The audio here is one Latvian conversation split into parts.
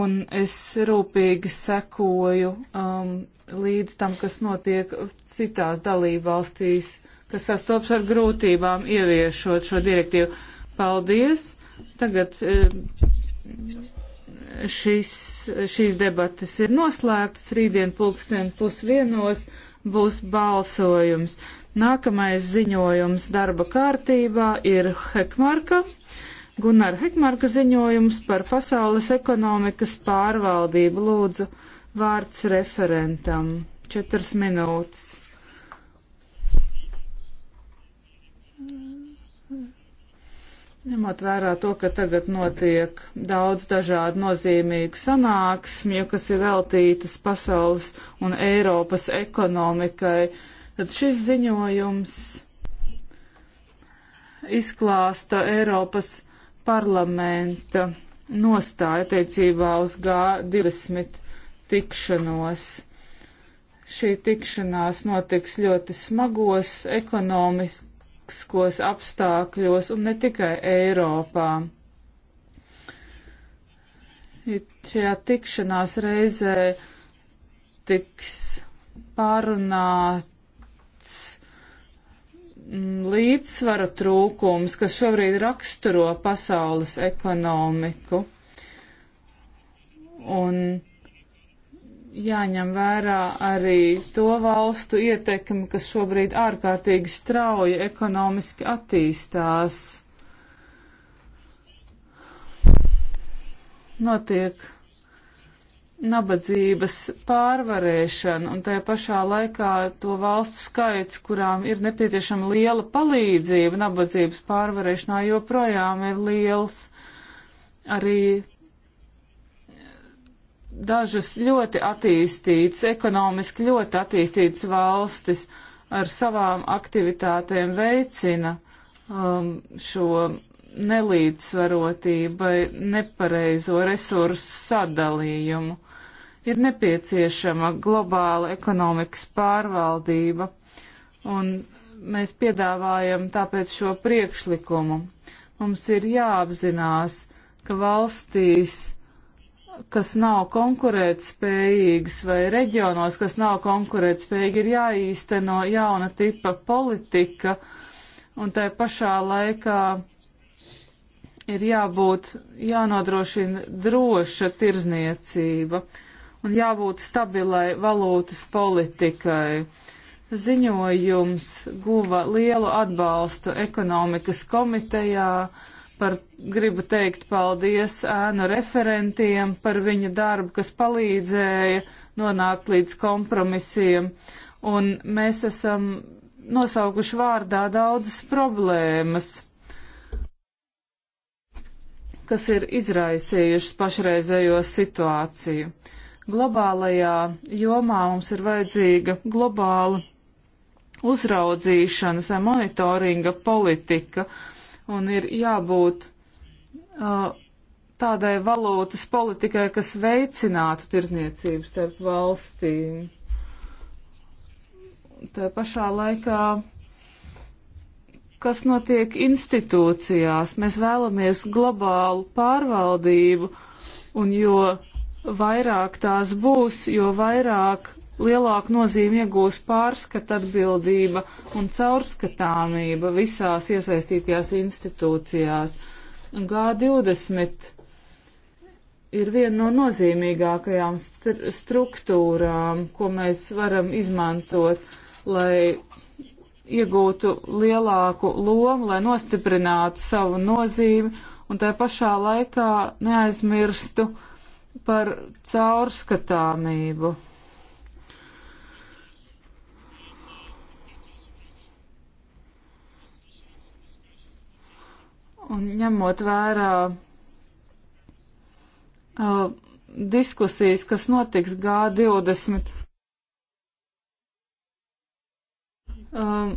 un es rūpīgi sekoju um, līdz tam, kas notiek citās dalībvalstīs, kas sastops ar grūtībām ieviešot šo direktīvu. Paldies! Tagad eh, šis, šīs debatas ir noslēgtas. Rītdien pulksten pusvienos būs balsojums. Nākamais ziņojums darba kārtībā ir Hekmarka. Gunāra Hekmarka ziņojums par pasaules ekonomikas pārvaldību lūdzu vārds referentam. Četras minūtes. Ņemot vērā to, ka tagad notiek daudz dažādu nozīmīgu sanāksmju, kas ir veltītas pasaules un Eiropas ekonomikai, tad šis ziņojums izklāsta Eiropas ekonomiku parlamenta nostāja attiecībā uz G20 tikšanos. Šī tikšanās notiks ļoti smagos ekonomiskos apstākļos un ne tikai Eiropā. Šajā tikšanās reizē tiks pārunāts Mm, līdzsvara trūkums, kas šobrīd raksturo pasaules ekonomiku. Un jāņem vērā arī to valstu ietekmi, kas šobrīd ārkārtīgi strauji ekonomiski attīstās. Notiek nabadzības pārvarēšanu un tajā pašā laikā to valstu skaits, kurām ir nepieciešama liela palīdzība nabadzības pārvarēšanā, joprojām ir liels. Arī dažas ļoti attīstītas, ekonomiski ļoti attīstītas valstis ar savām aktivitātēm veicina um, šo nelīdzsvarotību vai nepareizo resursu sadalījumu ir nepieciešama globāla ekonomikas pārvaldība, un mēs piedāvājam tāpēc šo priekšlikumu. Mums ir jāapzinās, ka valstīs, kas nav konkurētspējīgas vai reģionos, kas nav konkurētspējīgi, ir jāīsteno jauna tipa politika, un tai pašā laikā ir jābūt, jānodrošina droša tirzniecība. Uh, un jābūt stabilai valūtas politikai. Ziņojums guva lielu atbalstu ekonomikas komitejā. Par, gribu teikt paldies ēnu referentiem par viņu darbu, kas palīdzēja nonākt līdz kompromisiem. Un mēs esam nosaukuši vārdā daudzas problēmas kas ir izraisījušas pašreizējo situāciju. Globālajā jomā mums ir vajadzīga globāla uzraudzīšanas vai monitoringa politika un ir jābūt uh, tādai valūtas politikai, kas veicinātu tirzniecību starp valstīm. Tā pašā laikā, kas notiek institūcijās, mēs vēlamies globālu pārvaldību, un jo vairāk tās būs, jo vairāk lielāku nozīmi iegūs pārskata atbildība un caurskatāmība visās iesaistītajās institūcijās. G20 ir viena no nozīmīgākajām str struktūrām, ko mēs varam izmantot, lai iegūtu lielāku lomu, lai nostiprinātu savu nozīmi un tā pašā laikā neaizmirstu uh, par caurskatāmību. Un ņemot vērā uh, diskusijas, kas notiks G20, uh,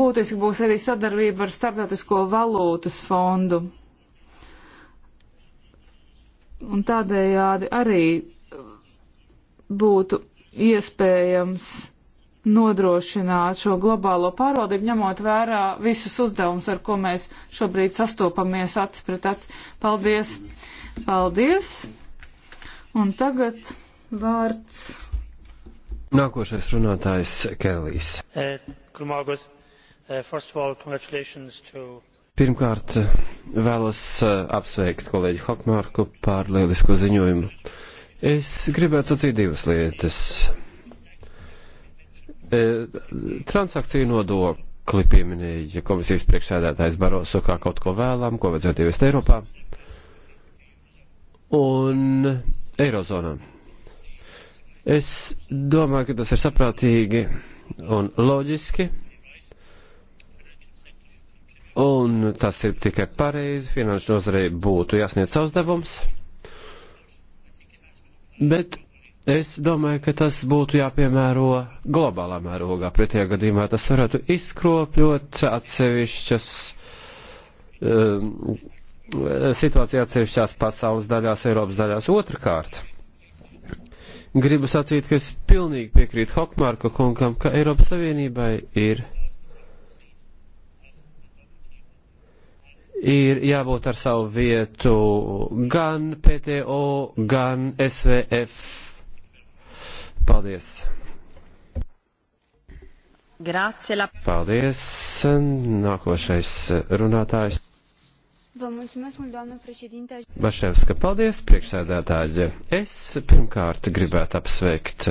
būtiski būs arī sadarbība ar Startautisko valūtas fondu un tādējādi arī būtu iespējams nodrošināt šo globālo pārvaldību, ņemot vērā visus uzdevumus, ar ko mēs šobrīd sastopamies acis pret acis. Paldies! Paldies! Un tagad vārds. Nākošais runātājs Kēlīs. Uh, eh, Pirmkārt, vēlos eh, apsveikt kolēģi Hokmārku par lielisko ziņojumu. Es gribētu sacīt divas lietas. Eh, transakciju nodokli pieminēja komisijas priekšsēdētājs Baroso kā kaut ko vēlam, ko vajadzētu ieviest Eiropā un Eirozonā. Es domāju, ka tas ir saprātīgi un loģiski Un tas ir tikai pareizi, finanšu nozarei būtu jāsniedz savs devums. Bet es domāju, ka tas būtu jāpiemēro globālā mērogā. Pretējā gadījumā tas varētu izkropļot atsevišķas um, situācija atsevišķās pasaules daļās, Eiropas daļās otrkārt. Gribu sacīt, ka es pilnīgi piekrītu Hokmārka kungam, ka Eiropas Savienībai ir ir jābūt ar savu vietu gan PTO, gan SVF. Paldies! Grazie, la... Paldies! Nākošais runātājs. Vă mulțumesc mult, doamnă președinte. Baševska, paldies, priekšsēdētāji. Es pirmkārt gribētu apsveikt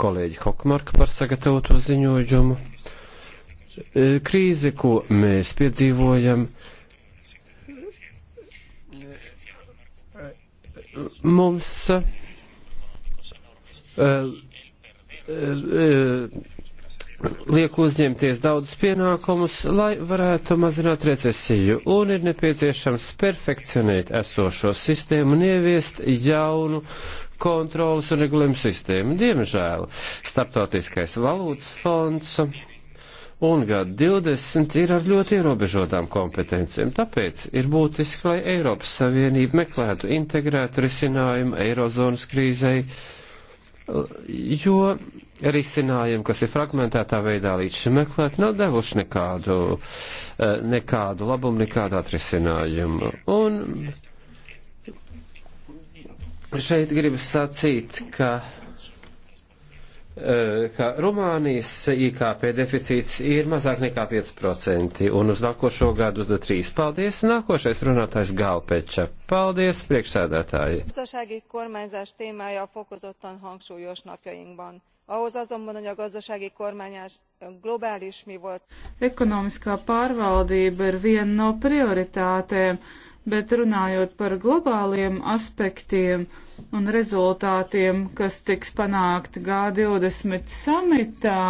kolēģi Hokmarku par sagatavoto ziņojumu. Krīze, ko mēs piedzīvojam, uh, mums uh, uh, uh, liek uzņemties daudz pienākumus, lai varētu mazināt recesiju, un ir nepieciešams perfekcionēt esošo sistēmu un ieviest jaunu kontrolas un regulējumu sistēmu. Diemžēl Startautiskais valūtas fonds un G20 ir ar ļoti ierobežotām kompetencijām. Tāpēc ir būtiski, lai Eiropas Savienība meklētu integrētu risinājumu Eirozonas krīzei, jo risinājumi, kas ir fragmentētā veidā līdz šim meklēt, nav devuši nekādu, nekādu labumu, nekādu atrisinājumu. Un šeit gribas sacīt, ka Eh, ka Rumānijas IKP deficīts ir mazāk nekā 5% un uz nākošo gadu 3%. Paldies! Nākošais runātājs Galpeča. Paldies, priekšsēdētāji! Gazdasági kormányzás témája fokozottan hangsúlyos napjainkban. Ahhoz azonban, hogy a gazdasági kormányás globális mi volt. Ekonomiskā pārvaldība ir viena no prioritātēm bet runājot par globāliem aspektiem un rezultātiem, kas tiks panākti G20 samitā,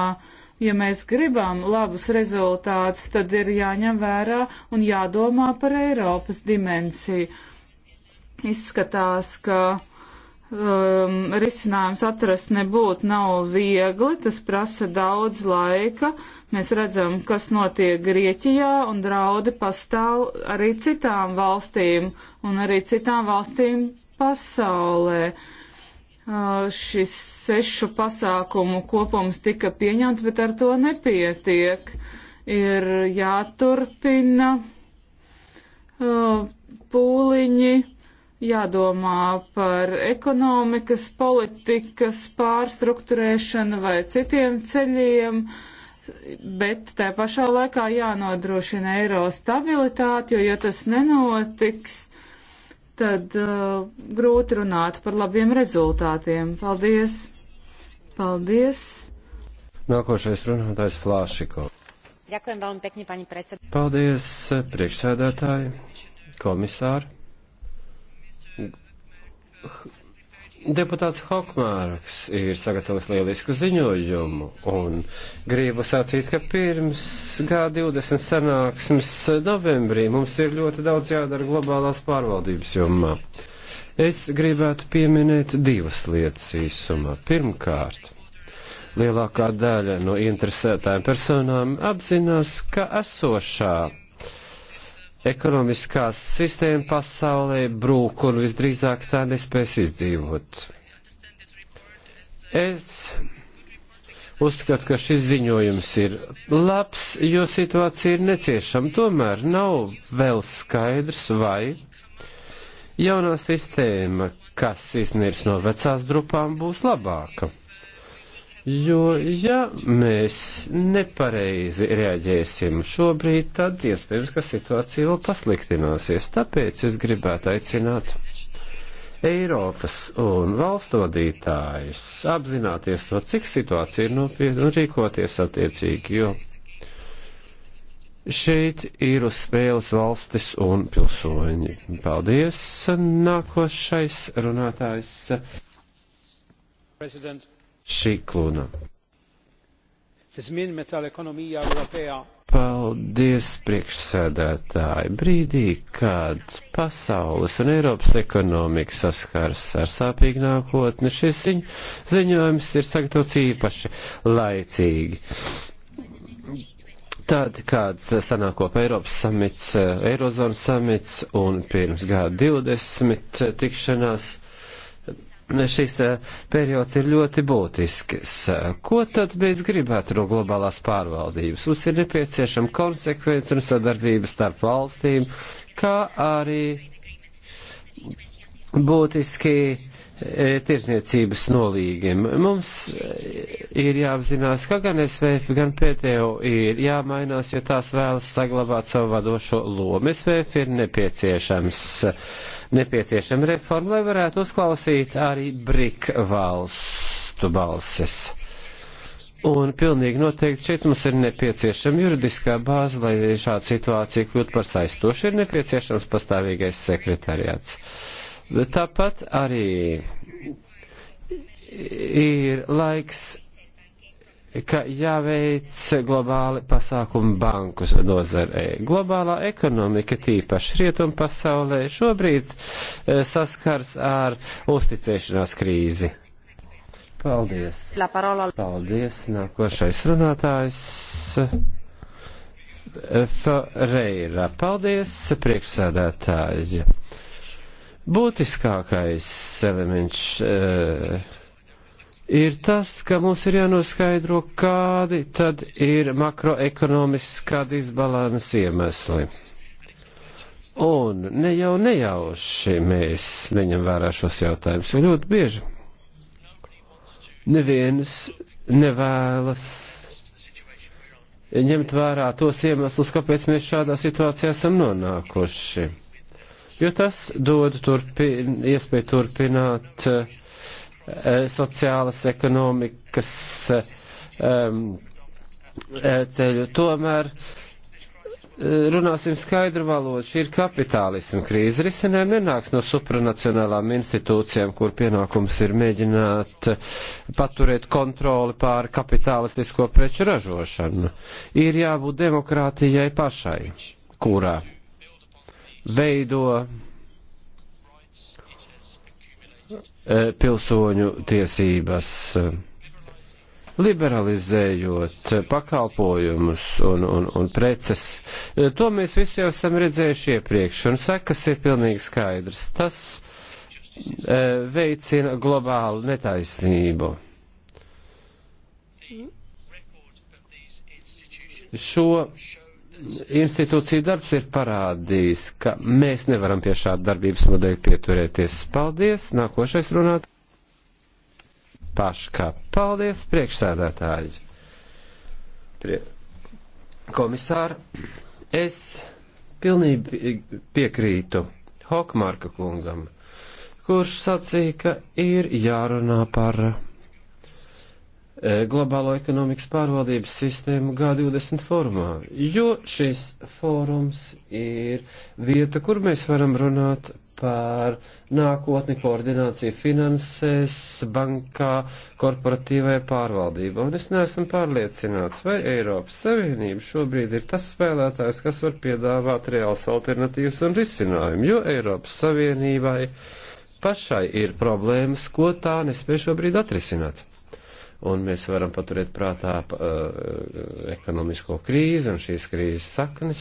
ja mēs gribam labus rezultātus, tad ir jāņem vērā un jādomā par Eiropas dimensiju. Izskatās, ka uh, um, risinājums atrast nebūtu nav viegli, tas prasa daudz laika. Mēs redzam, kas notiek Grieķijā, un draudi pastāv arī citām valstīm, un arī citām valstīm pasaulē. Uh, šis sešu pasākumu kopums tika pieņemts, bet ar to nepietiek. Ir jāturpina uh, pūliņi jādomā par ekonomikas politikas pārstruktūrēšanu vai citiem ceļiem, bet tā pašā laikā jānodrošina eiro stabilitāti, jo ja tas nenotiks, tad uh, grūti runāt par labiem rezultātiem. Paldies! Paldies! Nākošais runātājs Flāšiko. Ďakujem veľmi pekne, pani predsedajúca. Paldies, priekšsēdētāji, komisāri. Deputāts Hokmārks ir sagatavojis lielisku ziņojumu un gribu sacīt, ka pirms G20 sanāksmes novembrī mums ir ļoti daudz jādara globālās pārvaldības jomā. Es gribētu pieminēt divas lietas īsumā. Pirmkārt, lielākā daļa no interesētājiem personām apzinās, ka esošā ekonomiskā sistēma pasaulē brūk un visdrīzāk tā nespēs izdzīvot. Es uzskatu, ka šis ziņojums ir labs, jo situācija ir neciešama. Tomēr nav vēl skaidrs, vai jaunā sistēma, kas iznirs no vecās grupām, būs labāka. Jo, ja mēs nepareizi reaģēsim šobrīd, tad iespējams, ka situācija vēl pasliktināsies. Tāpēc es gribētu aicināt Eiropas un valstu vadītājus apzināties to, cik situācija ir nopietna un rīkoties attiecīgi, jo šeit ir uz spēles valstis un pilsoņi. Paldies, nākošais runātājs. President. Šikluna. Paldies, priekšsēdētāji. Brīdī, kad pasaules un Eiropas ekonomika saskars ar sāpīgu nākotni, šis ziņ, ziņojums ir sagatavots īpaši laicīgi. Tad, kāds sanāk kopā Eiropas samits, Eirozonas samits un pirms gada 20 tikšanās šis eh, periods ir ļoti būtisks. Ko tad mēs gribētu no globālās pārvaldības? Mums ir nepieciešama konsekvence un sadarbība starp valstīm, kā arī būtiski E, tirzniecības nolīgiem. Mums ir jāapzinās, ka gan SVF, gan PTO ir jāmainās, ja tās vēlas saglabāt savu vadošo lomu. SVF ir nepieciešams, nepieciešama reforma, lai varētu uzklausīt arī BRIK valstu balses. Un pilnīgi noteikti šeit mums ir nepieciešama juridiskā bāze, lai šāda situācija kļūtu par saistošu, ir nepieciešams pastāvīgais sekretariāts. Uh, Tāpat arī ir laiks, ka jāveic globāli pasākumi banku nozarē. Globālā ekonomika, tīpaši rietum pasaulē, šobrīd eh, saskars ar uzticēšanās krīzi. Paldies. Paldies. Nākošais runātājs. Eh, Ferreira. Paldies, priekšsēdētāji būtiskākais elements eh, ir tas, ka mums ir jānoskaidro, kādi tad ir makroekonomiskā disbalansa iemesli. Un ne jau nejauši mēs neņem vērā šos jautājumus, jo ļoti bieži neviens nevēlas ņemt vērā tos iemeslus, kāpēc mēs šādā situācijā esam nonākuši jo tas dod turpin, iespēju turpināt uh, sociālas ekonomikas um, ceļu. Tomēr eh, runāsim skaidru valodu. Šī ir kapitālisma krīze. Risinājumi nenāks no supranacionālām institūcijām, kur pienākums ir mēģināt paturēt kontroli pār kapitalistisko preču ražošanu. Ir jābūt demokrātijai pašai, kurā veido eh, pilsoņu tiesības, eh, liberalizējot eh, pakalpojumus un, un, un preces. To mēs visi jau esam redzējuši iepriekš, un sekas ir pilnīgi skaidrs. Tas veicina globālu netaisnību. Šo institūcija darbs ir parādījis, ka mēs nevaram pie šāda darbības modeļa pieturēties. Paldies! Nākošais runāt. Paškā. Paldies, priekšsēdētāji. Prie... Komisāri, es pilnīgi piekrītu Hokmarka kungam, kurš sacīja, ka ir jārunā par E, globālo ekonomikas pārvaldības sistēmu G20 formā, jo šis fórums ir vieta, kur mēs varam runāt par nākotni koordināciju finansēs, bankā, korporatīvajā pārvaldībā. Un es neesmu pārliecināts, vai Eiropas Savienība šobrīd ir tas spēlētājs, kas var piedāvāt reāls alternatīvas un risinājumu, jo Eiropas Savienībai pašai ir problēmas, ko tā nespēj šobrīd atrisināt un mēs varam paturēt prātā uh, ekonomisko krīzi un šīs krīzes saknes.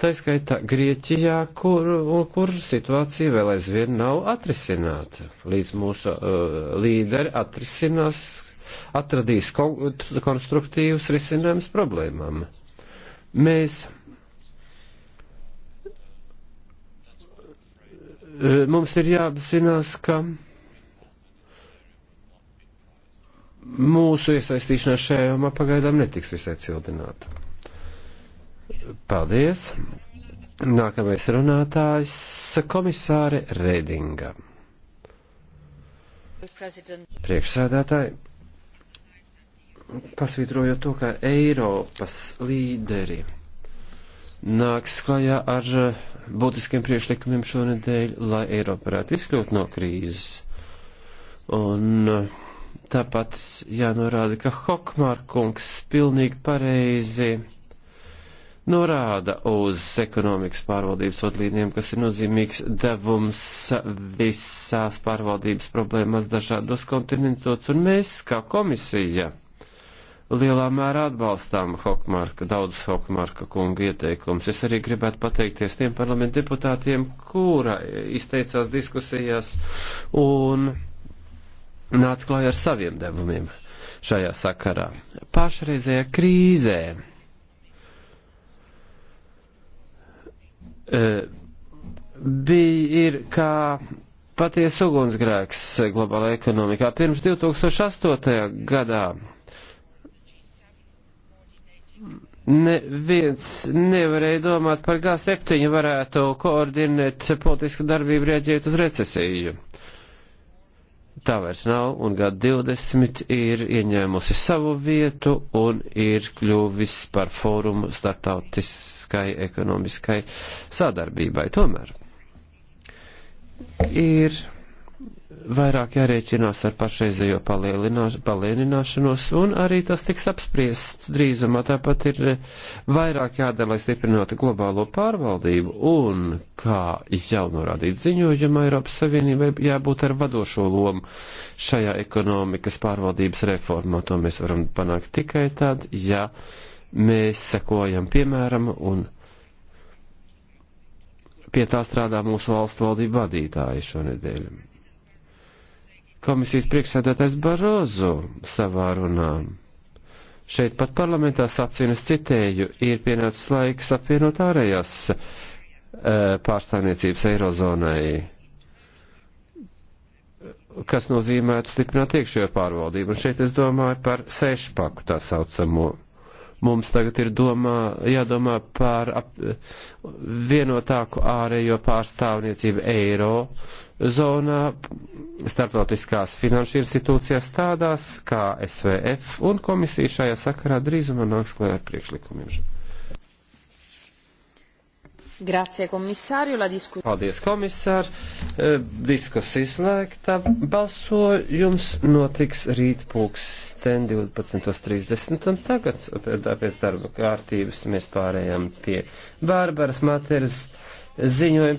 Tā skaitā Grieķijā, kur, kur situācija vēl aizvien nav atrisināta. Līdz mūsu uh, līderi atrisinās, atradīs kon konstruktīvus risinājumus problēmām. Mēs mums ir jāapzinās, ka mūsu iesaistīšanās šajā jomā pagaidām netiks visai cildināta. Paldies! Nākamais runātājs - komisāre Redinga. Priekšsēdētāji, pasvītrojot to, ka Eiropas līderi nāks klajā ar eh, būtiskiem priekšlikumiem šonedēļ, lai Eiropa varētu izkļūt no krīzes. Un uh, Tāpat jānorāda, ka Hokmārkungs pilnīgi pareizi norāda uz ekonomikas pārvaldības vadlīnijām, kas ir nozīmīgs devums visās pārvaldības problēmas dažādos kontinentos, un mēs, kā komisija, lielā mērā atbalstām Hokmarka, daudz Hokmarka kunga ieteikums. Es arī gribētu pateikties tiem parlamentu deputātiem, kura izteicās diskusijās un nāca klāj ar saviem devumiem šajā sakarā. Pašreizējā krīzē e, bija ir kā paties ugunsgrēks globālajā ekonomikā. Pirms 2008. gadā neviens nevarēja domāt par G7 varētu koordinēt politisku darbību rēģēt uz recesiju. Uh, tā vairs nav, un G20 ir ieņēmusi savu vietu un ir kļuvis par fórumu startautiskai ekonomiskai sadarbībai. Tomēr ir vairāk jārēķinās ar pašreizējo palielināšanos, un arī tas tiks apspriests drīzumā. Tāpat ir vairāk jādara, lai stiprinātu globālo pārvaldību, un, kā jau norādīts ziņojumā, Eiropas Savienībai jābūt ar vadošo lomu šajā ekonomikas pārvaldības reformā. To mēs varam panākt tikai tad, ja mēs sekojam piemēram un pie tā strādā mūsu valstu valdību vadītāji šonedēļ komisijas priekšsēdētājs Barozo savā runā. Šeit pat parlamentā sacīnas citēju, ir pienācis laiks apvienot ārējās e, pārstāvniecības eirozonai, kas nozīmētu stiprināt iekšējo pārvaldību. Un šeit es domāju par sešpaku tā saucamo. Mums tagad ir domā, jādomā par ap, vienotāku ārējo pārstāvniecību eiro zonā, starptautiskās finanšu institūcijās tādās kā SVF un komisija šajā sakarā drīzumā nāks klāt ar priekšlikumiem. Grazie, komisāri, la diskusija. Paldies, komisār. E, diskusija izslēgta. Balsojums notiks rīt pulksten 12.30. Un tagad pēc darba kārtības mēs pārējām pie Bārbaras Materas ziņojuma.